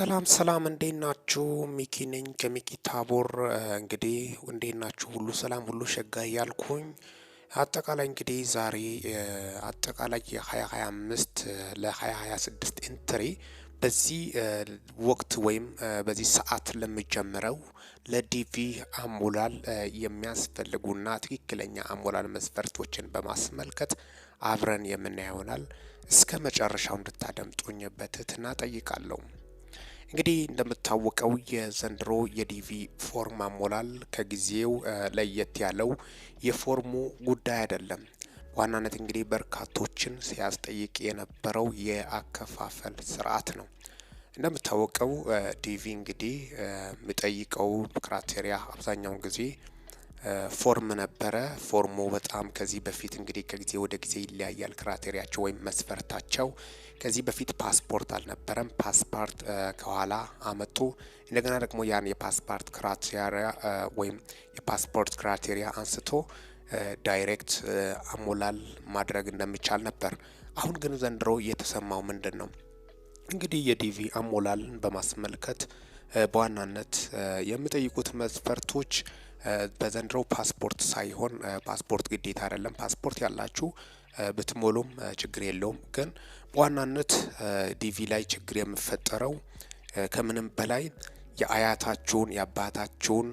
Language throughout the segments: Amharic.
ሰላም ሰላም፣ እንዴት ናችሁ? ሚኪ ነኝ ከሚኪ ታቦር። እንግዲህ እንዴት ናችሁ? ሁሉ ሰላም፣ ሁሉ ሸጋ እያልኩኝ አጠቃላይ እንግዲህ ዛሬ አጠቃላይ የ2025 ለ2026 ኢንትሪ በዚህ ወቅት ወይም በዚህ ሰዓት ለሚጀምረው ለዲቪ አሞላል የሚያስፈልጉና ትክክለኛ አሞላል መስፈርቶችን በማስመልከት አብረን የምናየው እስከ መጨረሻው እንድታደምጡኝ በትህትና ጠይቃለሁ። እንግዲህ እንደምታወቀው የዘንድሮ የዲቪ ፎርም አሞላል ከጊዜው ለየት ያለው የፎርሙ ጉዳይ አይደለም። በዋናነት እንግዲህ በርካቶችን ሲያስጠይቅ የነበረው የአከፋፈል ስርዓት ነው። እንደምታወቀው ዲቪ እንግዲህ የሚጠይቀው ክራቴሪያ አብዛኛውን ጊዜ ፎርም ነበረ። ፎርሙ በጣም ከዚህ በፊት እንግዲህ ከጊዜ ወደ ጊዜ ይለያያል። ክራቴሪያቸው ወይም መስፈርታቸው ከዚህ በፊት ፓስፖርት አልነበረም። ፓስፖርት ከኋላ አመጡ። እንደገና ደግሞ ያን የፓስፖርት ክራቴሪያ ወይም የፓስፖርት ክራቴሪያ አንስቶ ዳይሬክት አሞላል ማድረግ እንደሚቻል ነበር። አሁን ግን ዘንድሮ የተሰማው ምንድን ነው እንግዲህ የዲቪ አሞላልን በማስመልከት በዋናነት የሚጠይቁት መስፈርቶች በዘንድሮ ፓስፖርት ሳይሆን ፓስፖርት ግዴታ አይደለም። ፓስፖርት ያላችሁ ብትሞሉም ችግር የለውም። ግን በዋናነት ዲቪ ላይ ችግር የምፈጠረው ከምንም በላይ የአያታችሁን የአባታችሁን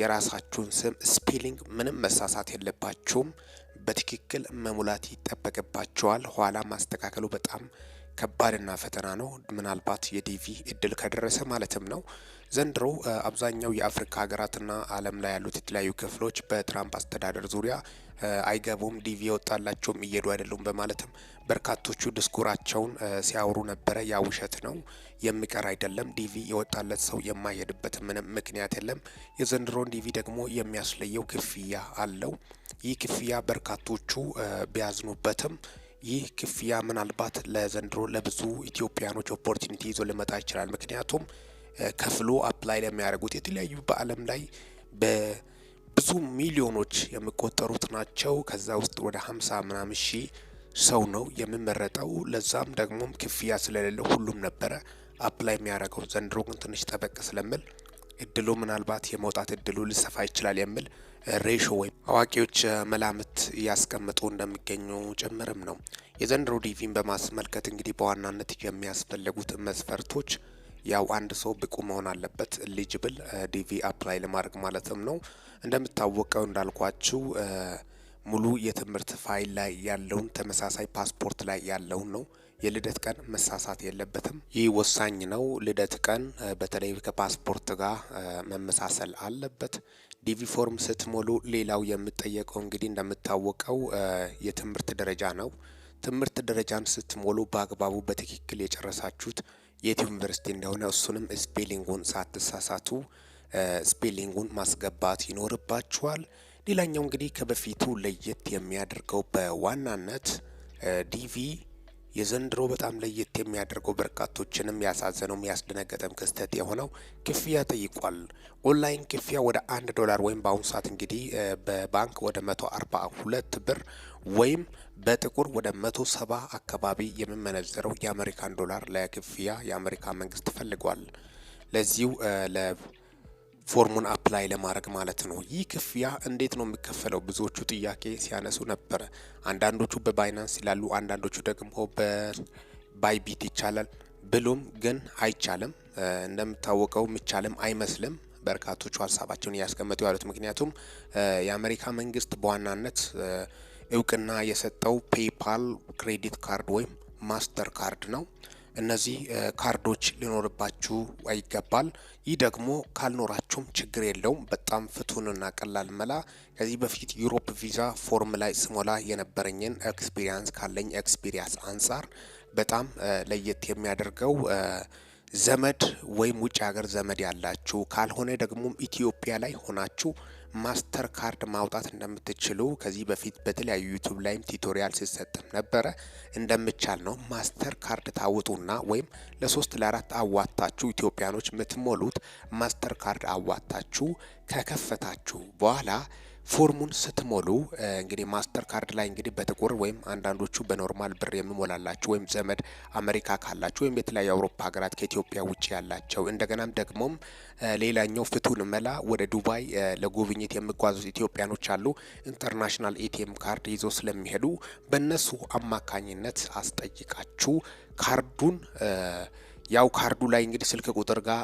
የራሳችሁን ስም ስፔሊንግ ምንም መሳሳት የለባችሁም። በትክክል መሙላት ይጠበቅባቸዋል። ኋላ ማስተካከሉ በጣም ከባድና ፈተና ነው። ምናልባት የዲቪ እድል ከደረሰ ማለትም ነው። ዘንድሮ አብዛኛው የአፍሪካ ሀገራትና ዓለም ላይ ያሉት የተለያዩ ክፍሎች በትራምፕ አስተዳደር ዙሪያ አይገቡም፣ ዲቪ የወጣላቸውም እየሄዱ አይደሉም በማለትም በርካቶቹ ድስኩራቸውን ሲያወሩ ነበረ። ያ ውሸት ነው፣ የሚቀር አይደለም። ዲቪ የወጣለት ሰው የማይሄድበት ምንም ምክንያት የለም። የዘንድሮን ዲቪ ደግሞ የሚያስለየው ክፍያ አለው። ይህ ክፍያ በርካቶቹ ቢያዝኑበትም ይህ ክፍያ ምናልባት ለዘንድሮ ለብዙ ኢትዮጵያኖች ኦፖርቹኒቲ ይዞ ሊመጣ ይችላል። ምክንያቱም ከፍሎ አፕላይ ለሚያደርጉት የተለያዩ በዓለም ላይ በብዙ ሚሊዮኖች የሚቆጠሩት ናቸው። ከዛ ውስጥ ወደ ሀምሳ ምናምን ሺ ሰው ነው የሚመረጠው። ለዛም ደግሞም ክፍያ ስለሌለው ሁሉም ነበረ አፕላይ የሚያደርገው። ዘንድሮ ግን ትንሽ ጠበቅ ስለምል እድሉ ምናልባት የመውጣት እድሉ ሊሰፋ ይችላል የሚል ሬሾ ወይም አዋቂዎች መላምት እያስቀምጡ እንደሚገኙ ጭምርም ነው። የዘንድሮ ዲቪን በማስመልከት እንግዲህ በዋናነት የሚያስፈልጉት መስፈርቶች ያው አንድ ሰው ብቁ መሆን አለበት፣ ኤሊጅብል ዲቪ አፕላይ ለማድረግ ማለትም ነው። እንደምታወቀው እንዳልኳችሁ ሙሉ የትምህርት ፋይል ላይ ያለውን ተመሳሳይ ፓስፖርት ላይ ያለውን ነው። የልደት ቀን መሳሳት የለበትም። ይህ ወሳኝ ነው። ልደት ቀን በተለይ ከፓስፖርት ጋር መመሳሰል አለበት። ዲቪ ፎርም ስትሞሉ ሌላው የምጠየቀው እንግዲህ እንደምታወቀው የትምህርት ደረጃ ነው። ትምህርት ደረጃን ስትሞሉ በአግባቡ በትክክል የጨረሳችሁት የት ዩኒቨርሲቲ እንደሆነ እሱንም ስፔሊንጉን ሳትሳሳቱ ስፔሊንጉን ማስገባት ይኖርባችኋል። ሌላኛው እንግዲህ ከበፊቱ ለየት የሚያደርገው በዋናነት ዲቪ የዘንድሮ በጣም ለየት የሚያደርገው በርካቶችንም ያሳዘነው ያስደነገጠም ክስተት የሆነው ክፍያ ጠይቋል። ኦንላይን ክፍያ ወደ አንድ ዶላር ወይም በአሁኑ ሰዓት እንግዲህ በባንክ ወደ መቶ ሁለት ብር ወይም በጥቁር ወደ መቶ ሰባ አካባቢ የሚመነዘረው የአሜሪካን ዶላር ለክፍያ የአሜሪካ መንግስት ፈልጓል። ለዚሁ ፎርሙን አፕላይ ለማድረግ ማለት ነው። ይህ ክፍያ እንዴት ነው የሚከፈለው? ብዙዎቹ ጥያቄ ሲያነሱ ነበረ። አንዳንዶቹ በባይናንስ ይላሉ፣ አንዳንዶቹ ደግሞ በባይቢት ይቻላል ብሎም ግን አይቻልም። እንደሚታወቀው የሚቻልም አይመስልም። በርካቶቹ ሀሳባቸውን እያስቀመጡ ያሉት ምክንያቱም የአሜሪካ መንግስት በዋናነት እውቅና የሰጠው ፔይፓል ክሬዲት ካርድ ወይም ማስተር ካርድ ነው። እነዚህ ካርዶች ሊኖርባችሁ ይገባል። ይህ ደግሞ ካልኖራችሁም ችግር የለውም። በጣም ፍቱንና ቀላል መላ። ከዚህ በፊት ዩሮፕ ቪዛ ፎርም ላይ ስሞላ የነበረኝን ኤክስፒሪያንስ ካለኝ ኤክስፒሪያንስ አንጻር በጣም ለየት የሚያደርገው ዘመድ ወይም ውጭ ሀገር ዘመድ ያላችሁ ካልሆነ ደግሞ ኢትዮጵያ ላይ ሆናችሁ ማስተር ካርድ ማውጣት እንደምትችሉ ከዚህ በፊት በተለያዩ ዩቱብ ላይም ቲቶሪያል ሲሰጥም ነበረ። እንደምቻል ነው ማስተር ካርድ ታውጡና ወይም ለሶስት ለአራት አዋታችሁ ኢትዮጵያኖች የምትሞሉት ማስተር ካርድ አዋታችሁ ከከፈታችሁ በኋላ ፎርሙን ስትሞሉ እንግዲህ ማስተር ካርድ ላይ እንግዲህ በጥቁር ወይም አንዳንዶቹ በኖርማል ብር የሚሞላላችሁ ወይም ዘመድ አሜሪካ ካላችሁ ወይም የተለያዩ አውሮፓ ሀገራት ከኢትዮጵያ ውጭ ያላቸው እንደገናም ደግሞም ሌላኛው ፍቱን መላ ወደ ዱባይ ለጉብኝት የሚጓዙት ኢትዮጵያኖች አሉ። ኢንተርናሽናል ኤቲኤም ካርድ ይዞ ስለሚሄዱ በእነሱ አማካኝነት አስጠይቃችሁ ካርዱን ያው ካርዱ ላይ እንግዲህ ስልክ ቁጥር ጋር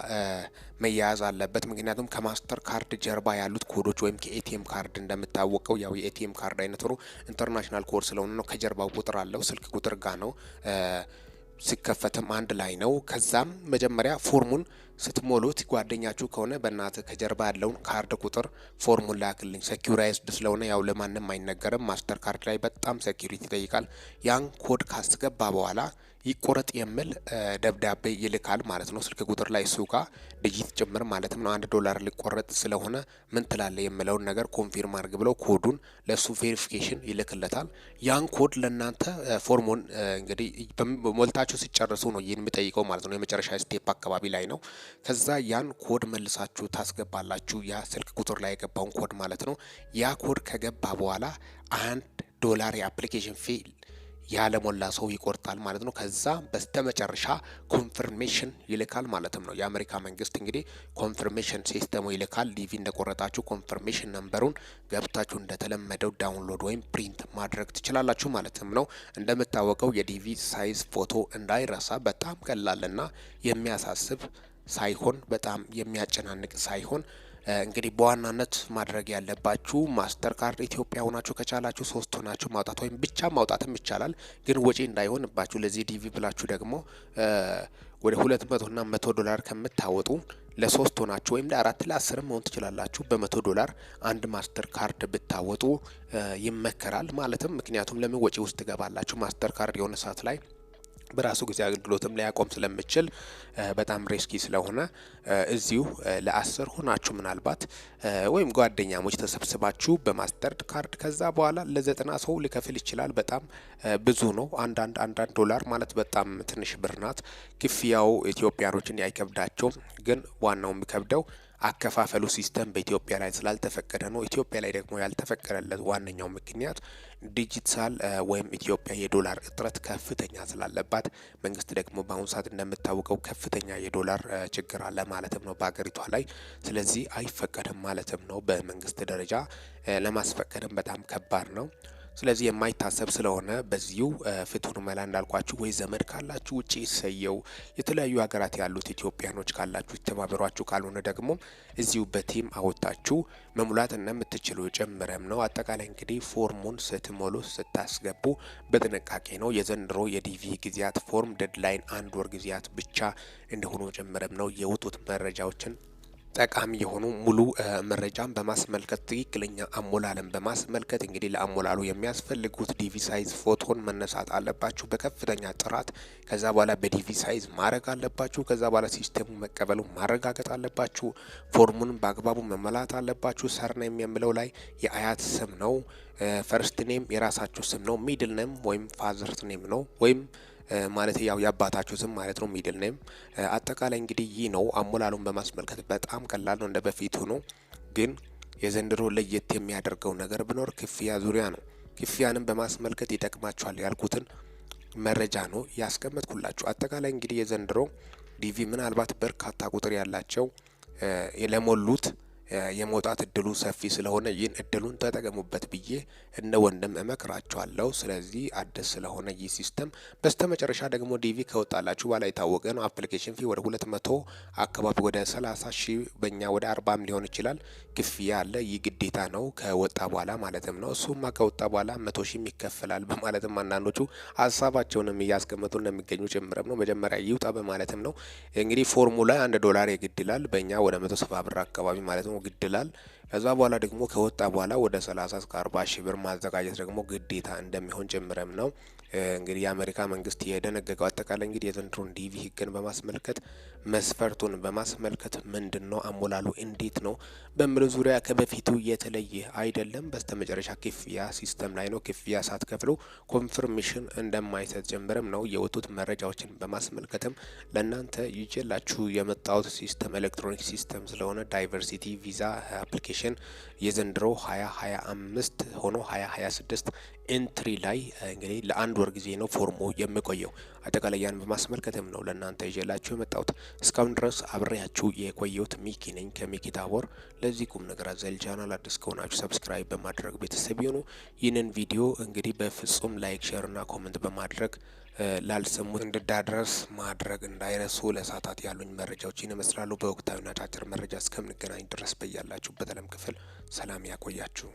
መያያዝ አለበት። ምክንያቱም ከማስተር ካርድ ጀርባ ያሉት ኮዶች ወይም ከኤቲኤም ካርድ እንደምታወቀው ያው የኤቲኤም ካርድ አይነት ሆኖ ኢንተርናሽናል ኮድ ስለሆነ ነው። ከጀርባው ቁጥር አለው። ስልክ ቁጥር ጋር ነው። ሲከፈትም አንድ ላይ ነው። ከዛም መጀመሪያ ፎርሙን ስትሞሉት ጓደኛችሁ ከሆነ በእናት ከጀርባ ያለውን ካርድ ቁጥር ፎርሙን ላክልኝ። ሴኪዩራይዝድ ስለሆነ ያው ለማንም አይነገርም። ማስተር ካርድ ላይ በጣም ሴኪሪቲ ይጠይቃል። ያን ኮድ ካስገባ በኋላ ይቆረጥ የሚል ደብዳቤ ይልካል ማለት ነው። ስልክ ቁጥር ላይ እሱ ጋር ድጂት ጭምር ማለትም ነው አንድ ዶላር ሊቆረጥ ስለሆነ ምን ትላለ የሚለውን ነገር ኮንፊርም አድርግ ብለው ኮዱን ለእሱ ቬሪፊኬሽን ይልክለታል። ያን ኮድ ለእናንተ ፎርሞን እንግዲህ ሞልታችሁ ሲጨርሱ ነው ይህን የሚጠይቀው ማለት ነው። የመጨረሻ ስቴፕ አካባቢ ላይ ነው። ከዛ ያን ኮድ መልሳችሁ ታስገባላችሁ። ያ ስልክ ቁጥር ላይ የገባውን ኮድ ማለት ነው። ያ ኮድ ከገባ በኋላ አንድ ዶላር የአፕሊኬሽን ፌል ያለሞላ ሰው ይቆርጣል ማለት ነው። ከዛ በስተመጨረሻ ኮንፍርሜሽን ይልካል ማለትም ነው። የአሜሪካ መንግስት እንግዲህ ኮንፍርሜሽን ሲስተሙ ይልካል። ሊቪ እንደቆረጣችሁ ኮንፍርሜሽን ነንበሩን ገብታችሁ እንደተለመደው ዳውንሎድ ወይም ፕሪንት ማድረግ ትችላላችሁ ማለትም ነው። እንደምታወቀው የዲቪ ሳይዝ ፎቶ እንዳይረሳ በጣም ቀላልና የሚያሳስብ ሳይሆን በጣም የሚያጨናንቅ ሳይሆን እንግዲህ በዋናነት ማድረግ ያለባችሁ ማስተር ካርድ ኢትዮጵያ ሆናችሁ ከቻላችሁ ሶስት ሆናችሁ ማውጣት ወይም ብቻ ማውጣትም ይቻላል። ግን ወጪ እንዳይሆንባችሁ ለዚህ ዲቪ ብላችሁ ደግሞ ወደ ሁለት መቶና መቶ ዶላር ከምታወጡ ለሶስት ሆናችሁ ወይም ለአራት ለአስርም መሆን ትችላላችሁ። በመቶ ዶላር አንድ ማስተር ካርድ ብታወጡ ይመከራል። ማለትም ምክንያቱም ለምን ወጪ ውስጥ ትገባላችሁ። ማስተር ካርድ የሆነ ሰዓት ላይ በራሱ ጊዜ አገልግሎትም ሊያቆም ስለምችል በጣም ሬስኪ ስለሆነ እዚሁ ለአስር ሆናችሁ ምናልባት ወይም ጓደኛሞች ተሰብስባችሁ በማስተርድ ካርድ ከዛ በኋላ ለዘጠና ሰው ሊከፍል ይችላል። በጣም ብዙ ነው። አንዳንድ አንዳንድ ዶላር ማለት በጣም ትንሽ ብር ናት። ክፍያው ኢትዮጵያኖችን አይከብዳቸውም። ግን ዋናው የሚከብደው አከፋፈሉ ሲስተም በኢትዮጵያ ላይ ስላልተፈቀደ ነው። ኢትዮጵያ ላይ ደግሞ ያልተፈቀደለት ዋነኛው ምክንያት ዲጂታል ወይም ኢትዮጵያ የዶላር እጥረት ከፍተኛ ስላለባት፣ መንግስት ደግሞ በአሁኑ ሰዓት እንደምታወቀው ከፍተኛ የዶላር ችግር አለ ማለትም ነው በሀገሪቷ ላይ። ስለዚህ አይፈቀድም ማለትም ነው በመንግስት ደረጃ ለማስፈቀድም በጣም ከባድ ነው። ስለዚህ የማይታሰብ ስለሆነ በዚሁ ፍቱን መላ እንዳልኳችሁ ወይ ዘመድ ካላችሁ ውጭ ይሰየው። የተለያዩ ሀገራት ያሉት ኢትዮጵያኖች ካላችሁ ይተባበሯችሁ፣ ካልሆነ ደግሞ እዚሁ በቲም አወጣችሁ መሙላት እና የምትችሉ ጨምረም ነው። አጠቃላይ እንግዲህ ፎርሙን ስትሞሉ ስታስገቡ በጥንቃቄ ነው። የዘንድሮ የዲቪ ጊዜያት ፎርም ደድላይን አንድ ወር ጊዜያት ብቻ እንደሆኑ ጨምረም ነው የውጡት መረጃዎችን ጠቃሚ የሆኑ ሙሉ መረጃን በማስመልከት ትክክለኛ አሞላልን በማስመልከት እንግዲህ ለአሞላሉ የሚያስፈልጉት ዲቪ ሳይዝ ፎቶን መነሳት አለባችሁ በከፍተኛ ጥራት። ከዛ በኋላ በዲቪ ሳይዝ ማድረግ አለባችሁ። ከዛ በኋላ ሲስተሙ መቀበሉ ማረጋገጥ አለባችሁ። ፎርሙን በአግባቡ መመላት አለባችሁ። ሰርና የሚለው ላይ የአያት ስም ነው። ፈርስት ኔም የራሳችሁ ስም ነው። ሚድል ኔም ወይም ፋዘርት ኔም ነው ወይም ማለት ያው የአባታችሁ ስም ማለት ነው ሚድል ኔም። አጠቃላይ እንግዲህ ይህ ነው። አሞላሉን በማስመልከት በጣም ቀላል ነው። እንደ በፊት ሆኖ፣ ግን የዘንድሮ ለየት የሚያደርገው ነገር ቢኖር ክፍያ ዙሪያ ነው። ክፍያንም በማስመልከት ይጠቅማቸዋል ያልኩትን መረጃ ነው ያስቀመጥኩላችሁ። አጠቃላይ እንግዲህ የዘንድሮ ዲቪ ምናልባት በርካታ ቁጥር ያላቸው ለሞሉት የመውጣት እድሉ ሰፊ ስለሆነ ይህን እድሉን ተጠቀሙበት ብዬ እነ ወንድም እመክራቸዋለሁ። ስለዚህ አዲስ ስለሆነ ይህ ሲስተም በስተመጨረሻ ደግሞ ዲቪ ከወጣላችሁ በኋላ የታወቀ ነው። አፕሊኬሽን ፊ ወደ ሁለት መቶ አካባቢ ወደ ሰላሳ ሺህ በእኛ ወደ አርባም ሊሆን ይችላል ክፍያ አለ። ይህ ግዴታ ነው ከወጣ በኋላ ማለትም ነው። እሱማ ከወጣ በኋላ መቶ ሺህም ይከፈላል በማለትም አንዳንዶቹ ሀሳባቸውንም እያስቀመጡ እንደሚገኙ ጭምርም ነው። መጀመሪያ ይውጣ በማለትም ነው። እንግዲህ ፎርሙላ ላይ አንድ ዶላር የግድ ይላል። በእኛ ወደ መቶ ሰባ ብር አካባቢ ማለት ነው ግድላል ከዛ በኋላ ደግሞ ከወጣ በኋላ ወደ 30 እስከ 40 ሺህ ብር ማዘጋጀት ደግሞ ግዴታ እንደሚሆን ጭምርም ነው እንግዲህ የአሜሪካ መንግስት የደነገገው አጠቃላይ እንግዲህ የዘንድሮን ዲቪ ህግን በማስመልከት መስፈርቱን በማስመልከት ምንድን ነው አሞላሉ እንዴት ነው በሚሉ ዙሪያ ከበፊቱ የተለየ አይደለም። በስተመጨረሻ ክፍያ ሲስተም ላይ ነው። ክፍያ ሳትከፍሉ ኮንፍርሜሽን እንደማይሰጥ ጭምርም ነው የወጡት መረጃዎችን በማስመልከትም ለእናንተ ይዤላችሁ የመጣሁት ሲስተም ኤሌክትሮኒክ ሲስተም ስለሆነ ዳይቨርሲቲ ቪዛ አፕሊኬሽን ሴክሽን የዘንድሮ 2025 ሆኖ 2026 ኤንትሪ ላይ እንግዲህ ለአንድ ወር ጊዜ ነው ፎርሞ የሚቆየው። አጠቃላይ ያን በማስመልከትም ነው ለእናንተ ይዤላችሁ የመጣሁት። እስካሁን ድረስ አብሬያችሁ የቆየሁት ሚኪ ነኝ ከሚኪ ታቦር። ለዚህ ቁም ነገር አዘል ቻናል አዲስ ከሆናችሁ ሰብስክራይብ በማድረግ ቤተሰብ ይሁኑ። ይህንን ቪዲዮ እንግዲህ በፍጹም ላይክ፣ ሼር እና ኮመንት በማድረግ ላልሰሙት እንድዳድረስ ማድረግ እንዳይረሱ። ለሰዓታት ያሉኝ መረጃዎችን ይመስላሉ። በወቅታዊና አጫጭር መረጃ እስከምንገናኝ ድረስ በያላችሁበት ዓለም ክፍል ሰላም ያቆያችሁ።